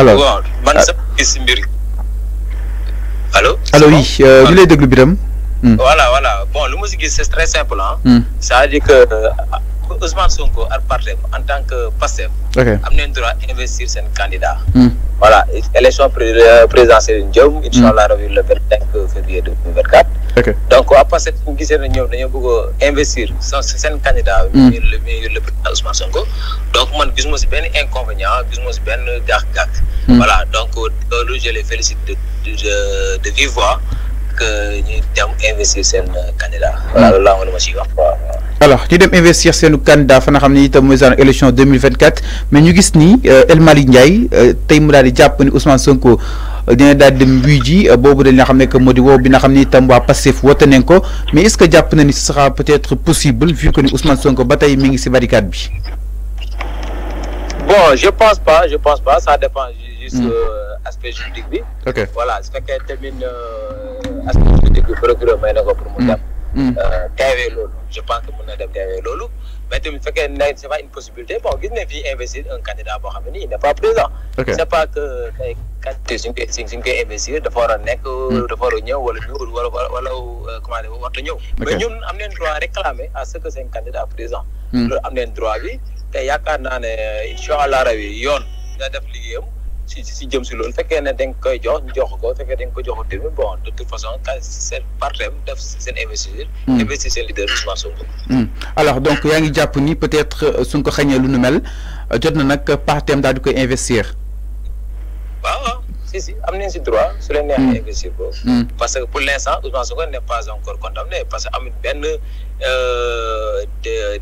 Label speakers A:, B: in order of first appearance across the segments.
A: alors waaw man sax gis si mbir oui ñu euh, lay déglu Birame.
B: Hmm. voilà voilà bon le musique c'est très simple hein. Ça hmm. veut dire que euh, Ousmane Sonko a parlé en tant que Pastef. am un droit investir un candidat. Hmm. voilà élection euh, présidentielle jëm. incha allah rabi le 25 février 2024. mille donc après cette bu gisee ne ñoom dañoo bëgg a investir seen candidat. le le Ousmane Sonko donc man gis ma si benn inconvénient gis ma si benn gàkk-gàkk. Hmm. voilà donc euh, loolu je les félicite de de de vive voix que ñu dem investir seen euh, candidat. Hmm. voilà loolu laa ma siy wax quoi.
A: alors ñu dem investir seenu candidat fa nga xam ne itam mooy saan élection 2024 mais ñu gis ni euh, El Malick Ndiaye tey mu daal di jàpp ni Ousmane Sonko. dina dal dem wuy ji euh, boobu dañ nga xam que modi wo bi nga xam ne nañ ko mais est-ce que japp na ni ce sera peut-être possible vu que ni Ousmane Sonko batay mi ngi ci barricade bi.
B: bon je pense pas je pense pas ça dépend juste hmm. euh, aspect juridique bi. ok voilà su fekkee tamit euh, aspect juridique bi procureur may na ko pour mu hmm. dem. Hmm. teewee lolu, je pense que mën na dem teewee lolu. Mais tu fais que c'est pas une possibilité. Bon, il ne vient investir un candidat pour Hamani, il n'est pas présent. Okay. C'est pas que quand tu es une cinq cinq investir de faire un nec ou de faire un nio ou le nio ou le ou comment dire ou autre nio. Mais nous avons un droit à réclamer à ce que c'est un candidat présent. Nous avons droit à vie. Et il y a quand même une chose si si jëm si loolu fekkee ne da koy jox jox ko fekkee da nga ko jox tamit bon de toute façon seen partem def seen investisseur hmm. investir seen leader Ousmane Sonko
A: hmm. alors donc yaa ngi jàpp ni peut-être euh, suñ ko xañee lu nu mel euh, jot na nag partem daal di koy investir
B: waaw si si am nañ si droit su leen neexee hmm. investir parce que pour l'instant Ousmane Sonko n'est pas encore condamné parce que amul benn euh,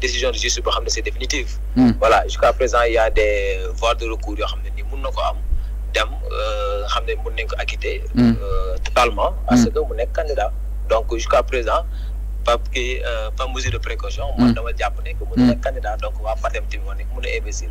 B: décision de justice boo xam ne c'est définitive voilà jusqu'à présent il y a des voies de recours yoo xam ne nii mun na ko am dem euh, nga xam ne mën nañ ko acquitter. Mm. Euh, totalement. Mm. parce que mu nek candidat donc jusqu'à présent. pas que euh, pas mesure de précaution. on mm. dama jàpp ne que mu nek candidat donc wa Partem tamit moo nekk mën a investir.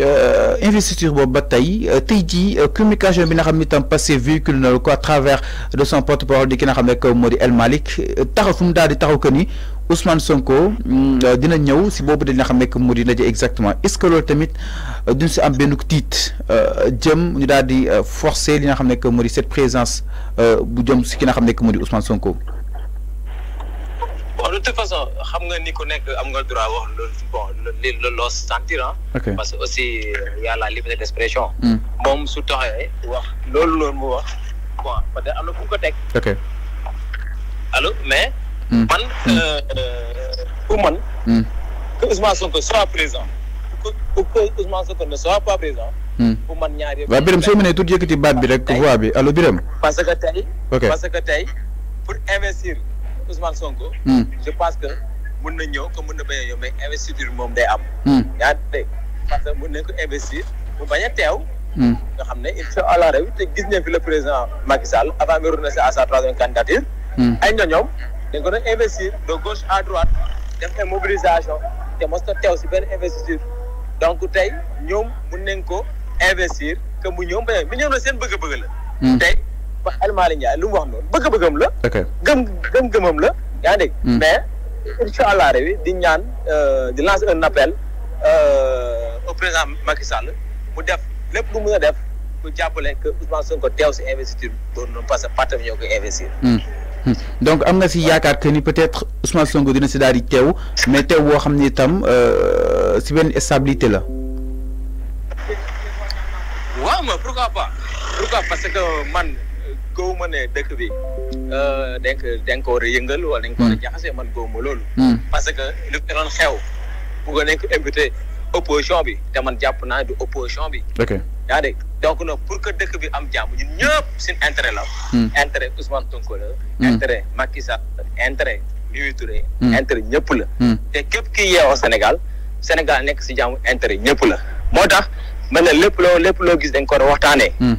A: Euh, investiture bob ba tey euh, tey euh, communication bi nga xamni tam passé véhicule na ko à travers de son porte parole di ki nga xam ne modi El Malik. taxaw fum mu daal di taxaw que ni Ousmane Sonko mm, dina ñëw si boobu dina xam ne moo di ndaje exactement est ce que loolu tamit duñ ci am benn tiit jëm ñu daal di forcer li nga xam ne modi cette présence bu jëm si ki nga xam ne modi Ousmane Sonko.
B: de toute façon xam nga ni ku nekk am nga droit wax loolu bon loolu loo sentir parce que aussi y a la liberté d'expression. mom hmm. su taxee wax loolu loolu mu wax bon peut être am ko teg. mais. Hmm. man hmm. Euh, pour man. que Ousmane Sonko soit présent. que que Ousmane Sonko ne soit pas présent. pour man ñaari. waaw Birame soo mënee
A: baat bi rek voix bi allo Birame.
B: parce que tey. parce que tey pour investir. Ousmane Sonko. Hmm. je pense que mun na ñëw que mën na bañ a ñëw mais investiture moom day am. Hmm. yaa ngi dégg parce que mën nañ ko investir mu bañ a teew. Hmm. nga xam ne incha allah rabi te gis nañ fi le président Macky Sall avant mu renoncer à sa troisième candidature. ay ñoñoom dañ ko doon investir de gauche à droite de ay mobilisation te mos na teew si benn investiture donc tey ñoom mun nañ ko investir que mu ñëw bañ a na seen bëgg-bëgg la. tey. wax El lu wax noonu bëgg-bëggam la. gëm gëm-gëmam la yaa ngi hmm. mais incha allah di ñaan euh, di lancer un appel euh, au président Macky Sall mu def lepp lu mu def pour jàppale que Ousmane Sonko teew ci investiture boobu non parce patam ñoko investir.
A: Hmm. Hmm. donc am nga si yaakaar que ni peut-être Ousmane Sonko dina ci daal di mais teew boo xamni tam euh ci ben stabilité la.
B: wa ma pourquoi pas pourquoi parce que man. gowmane dëkk bi ờ, denk denk ko war a yëngal wala dañ ko war a jaxase man gowma loolu hmm. parce que lu fi doon xew bëggoon nañ ko imputé opposition bi te man jàpp naa du opposition bi yaa dégg donc nag pour que dëkk bi am jàmm ñun ñëpp seen intérêt la hmm. intérêt Ousmane Sonko la hmm. intérêt Macky Sall intérêt Mimi Touré intérêt ñëpp la te képp ki yeewoo Sénégal Sénégal nekk si jàmm intérêt ñëpp la moo tax man ne lépp loo lépp loo gis dañ ko war a waxtaanee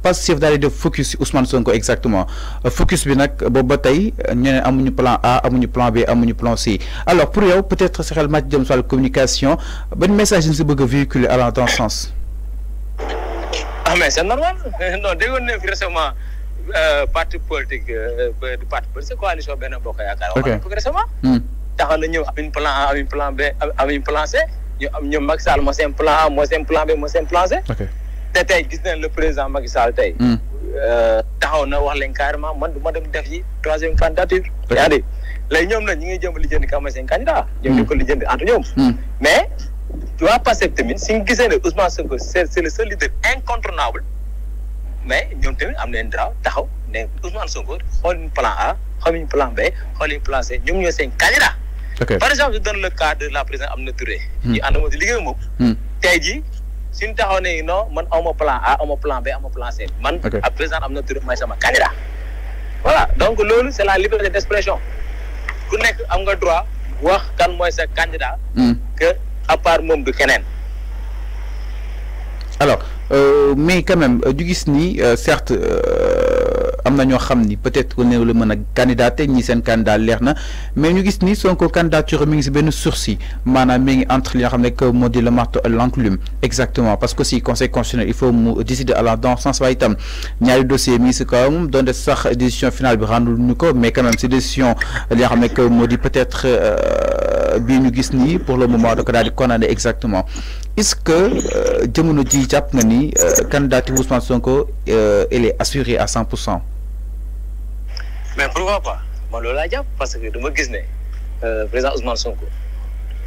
A: pas daal di de focus Ousmane Sonko exactement focus bi nak boobu ba tey amuñu plan A amuñu plan B amuñu plan C alors pour yow peut-être sa xel match jëm si communication ben message lañ si bëgg véhiculer à dans ce sens.
B: ah mais c'est normal non déggoon nañu fi récemment euh, parti politique euh, du parti politique coalition ben bokk yaakaar. ok wax récemment. Hmm. taxaw na ñëw amuñu plan A amuñu plan B amuñu plan C ñu am ñu maxal mo sen plan A mo sen plan B mo sen plan C. te tey gis nañ le président Macky Sall tey. Hmm. Euh, taxaw na wax leen carrément man du ma dem def yi troisième candidature. yaa di léegi ñoom nag ñu ngi jëm lijjanti ka ma seen candidat. ñoom ñu hmm. ko lijjanti entre ñoom. Hmm. mais waa Pastef tamit suñu gisee ne Ousmane Sonko c'est c'est le seul leader incontournable mais ñoom tamit am nañ droit taxaw ne Ousmane Sonko xooluñu plan A xooluñu plan B xooluñu plan C ñoom ñoo seen candidat. par exemple je donne le de la présidente Aminata Touré. ñu ànd moom di liggéey moom. si taxaw ne non man aw plan A aw plan B un plan C man. ak président am un candidat. voilà donc c'est la liberté d'expression. expression ku nekk am nga droit wax kan mooy sa candidat. Hmm. que à part moi de Kenen.
A: alors euh, mais quand même du euh, gis ni euh, certes am ñoo xam ni peut-être que néew le mën candidaté ñi seen candidat leer na mais ñu gis ni Sonko candidature mi ngi ci benn sursis manam mi ngi entre li nga xam ne di le marteau et l'enclume exactement parce que si conseil constitutionnel il faut mu décider à la dans sens waaye itam ñaari dossier mi ngi si kawam donte sax décision finale bi rendul ñu ko mais quand même décision li nga xam ne di peut-être euh, bi ñu gis ni pour le moment da ko daal di exactement est-ce que euh, jëmono ji japp nga ni euh, candidat Ousmane Sonko elle est assurée à 100
B: mais pourquoi pas man loolu laa jàpp parce que dama gis ne euh, président Ousmane Sonko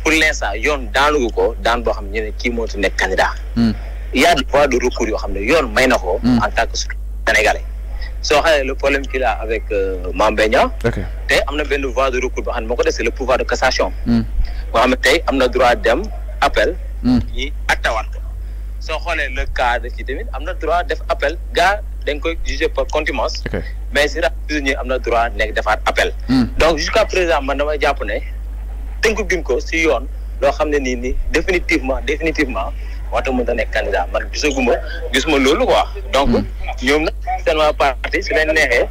B: pour l'instant yoon daanugu ko daan boo xam ne ñu ne kii nekk candidat. Hmm. il y a des de recours yoo xam ne yoon may na ko. Hmm. en tant que sénégalais. soo xoolee le problème qu'il a avec euh, Mame Mbaye am na benn voie de recours boo xam ne moo ko def c'est le pouvoir de cassation. Hmm. boo xam ne tey am na droit dem appel. ñi attawaat soo xoolee le cas de ci tamit am na droit def appel danga koy jugé par contumace mais si rajo prisonnier am na droit nekk defaat appel hmm. donc jusqu'à présent man damay jàpp ne ko guñ ko si yoon loo xam ne nii nii définitivement définitivement waxta mën ta nekk candidat man gisaguma gisuma loolu quoi donc hmm. ñoom nag seulement parti si leen neexee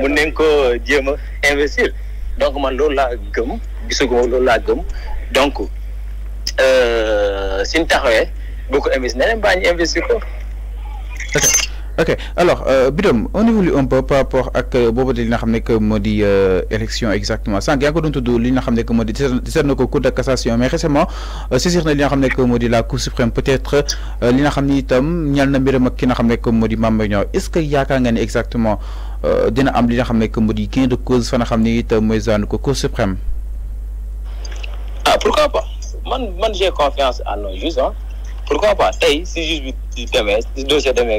B: mun nañ ko jéem a investir donc man loolu laa gëm gisaguma loolu laa gëm donc euh, suñ taxawee boo ko investir neneen baa ñu investir ko
A: ok alors euh, bidom, on évolue un peu par rapport ak euh, boobu de li nga que euh, élection exactement sànq yaa ngi ko doon tudd li nga xam ne que cour de cassation mais récemment saisir na li n'a xam que la cour suprême peut-être li n'a xam ni itam ñal na mbiram ak ki nga que moo di est-ce que yaakaar nga ne exactement dina am li nga xam ne que moo di de cause fa n'a xam ni itam mooy zaanu ko cour suprême.
B: ah pourquoi pas man man j'ai confiance à nos juges hein? pourquoi pas tey si juge du demee si dossier demee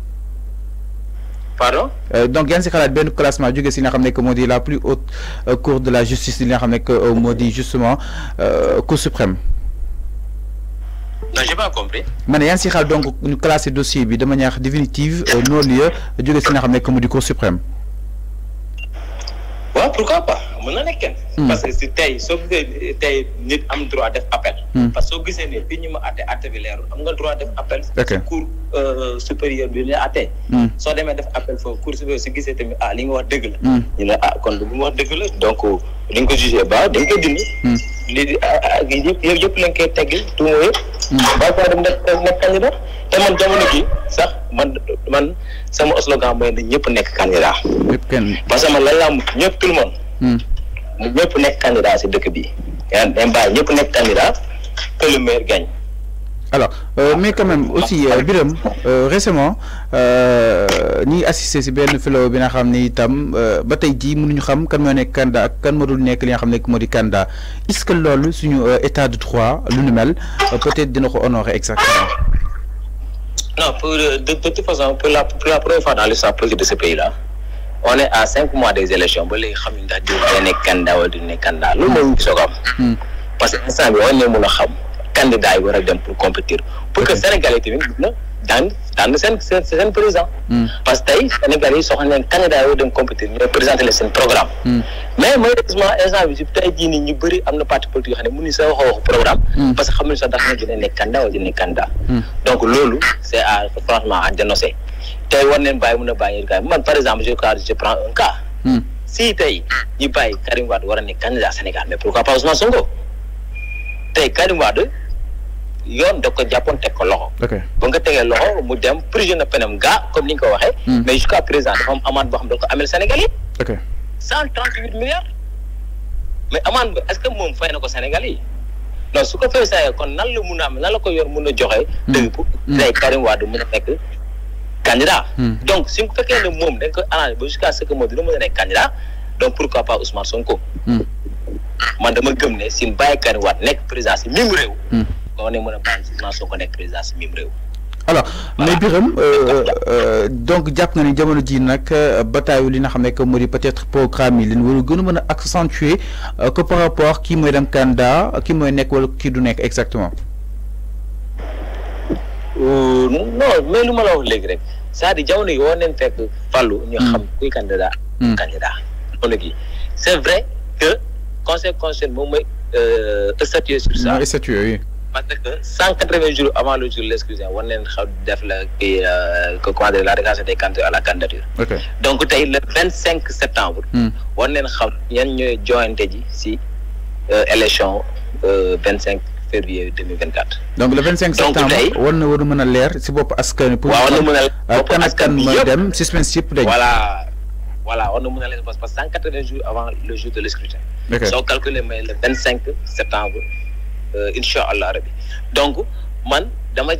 A: Euh, donc il y a benn classement jóge si li nga xam nekk la plus haute euh, cour de la justice li nga xam nekk euh, moo justement cour suprême.
B: non j'ai pas compris.
A: Mais il y a si xalaat donc ñu classé dossier bi de manière définitive non lieu du si li nga xam cour suprême.
B: pourquoi pas. mën na nekkee. parce que si tey soo gisee tey nit am droit def appel. parce que soo gisee ne fii ñu ma atee bi leerul am nga droit def appel. ok cour supérieur bi ñu atee. soo demee def appel foofu cour supérieur su gisee tamit ah li nga wax dëgg hmm. la. ñu ne ah kon li nga wax dëgg la donc li nga jugé baax dañ ko dindi. li di ak yëpp yëpp yëpp la nga koy tegal tout mooy. baax baax dem nekk nekk candidat te man jamono ji sax man man sama slogan mooy ne ñëpp nekk candidat. ñëpp kenn parce que man lan laa ñëpp tout le monde. candidat le
A: alors euh, ah. mais quand même aussi euh, Birame euh, récemment ni assisté à bien bi bien fait. tam xam kan candidat candidat est-ce que état de droit peut-être dina ko honorer exactement.
B: non de toute façon pour la pour la première fois dans politique de ce pays là. on est à cinq mois des élections ba léegi xamuñ ndax diw day candidat wala du nekk candidat ko hmm. parce que instant bi war nañ mën a xam candidat yi a dem pour compétir pour que Sénégal yi tamit daan seen seen hmm. parce que tey Sénégal yi dem compétir ñooy présenté seen programme. Hmm. mais malheureusement instant bi si tey jii ñu bëri am na parti politique yoo xam ne mënuñ sa wax waxu programme. parce que xamuñ sax ndax dina nekk candidat wala dina candidat. donc loolu c' est à tey war neen bàyyi mun a bàyyi kaay man par exemple je crois je prends un cas. Hmm. si tey ñu bàyyi Karim Wade war a nekk candidat Sénégal mais pourquoi pas Ousmane Sonko tey Karim Wade yoon da ko jàppoon teg ko loxo. ba nga tegee loxo mu dem prison na penam ga comme ni nga ko waxee. Hmm. mais jusqu'à présent dafa am amende boo xam da ko amel Sénégal yi. cent trente huit milliards. mais amende bi est-ce que moom fay na ko Sénégal yi. non su ko fay saa kon nan la mun a am nan la ko yor mun a joxe. dëgg hmm. bu tey Karim Wade a nekk. candidat. Hmm. donc si vous faites le monde, ah, jusqu'à ce que candidat donc pourquoi pas Ousmane Sonko. Hmm. man si hmm.
A: alors euh, euh, donc Jacques euh, nga dit dit que bataille bataille peut-être programme que par rapport qui qui vous candidat exactement.
B: Euh, non mais la wax rek c'est-à-dire ñu hmm. xam kuy hmm. vrai que conseil euh, sur
A: ça oui
B: parce que jours avant le jour de l'exclusion xam def la euh, que quoi la des à la candidature donc tay le 25 septembre hmm. war nañ xam ñan ñoy jointé ji si élection euh février 2024.
A: donc le 25 septembre on na war a l'air. a leer si bopp askan. pour war na mën suspense voilà
B: voilà on nous mën a leer parce que 180 jours avant le jour de le scrutin. ok soo calculé mais le 25 septembre euh, Inch'Allah. rabi donc man dama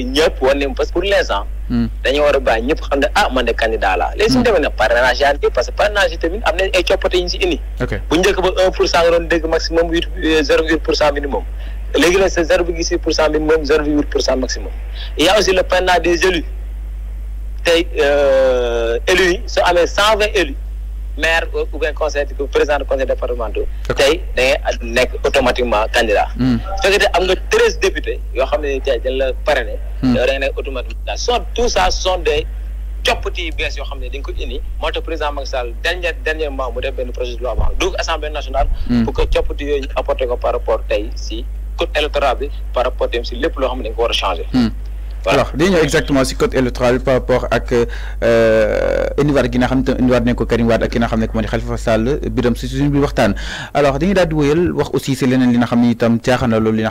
B: il n'y a pas de parce que pour ans. dañu war a bàyyi ñëpp xam ne ah man de candidat laa léegi suñu hmm. demee nag parrainage yaa ngi parce que parrainage yi tamit am nañ ay coppate yu ñu si indi bu njëkk ba un pour cent nga doon dégg maximum huit euh, zéro virgule pour cent minimum léegi nag c'est zéro virgule six pour cent minimum zéro virgule pour cent maximum il y a aussi le parrainage des élus tey euh, élus yi soo amee maire ou bien conseil président de conseil départemental. tey nekk automatiquement candidat. Hmm. su am nga treize députés yoo xam ne tey dañ la parrainé. Hmm. yow da nga automatiquement sont tout ça sont des coppite yu bees yoo xam ne dañ ko indi moo tax président Macky Sall dernier dernièrement mu def benn projet de loi boo dugg assemblée nationale. Hmm. pour que coppite yooyu ñu ko par rapport tey si code électoral bi par rapport dem si lépp loo xam ne dañ ko changé.
A: alors dañuy exactement si code électoral par rapport ak indiwaat euh, gi xam ne indiwaat nañ ko Karim Wade ak ki nga ne moo di Khalifa Sall biram si suñu bi waxtaan alors dañuy daal di wëyal wax aussi si leneen li nga xam ne itam jaaxal na loolu li nga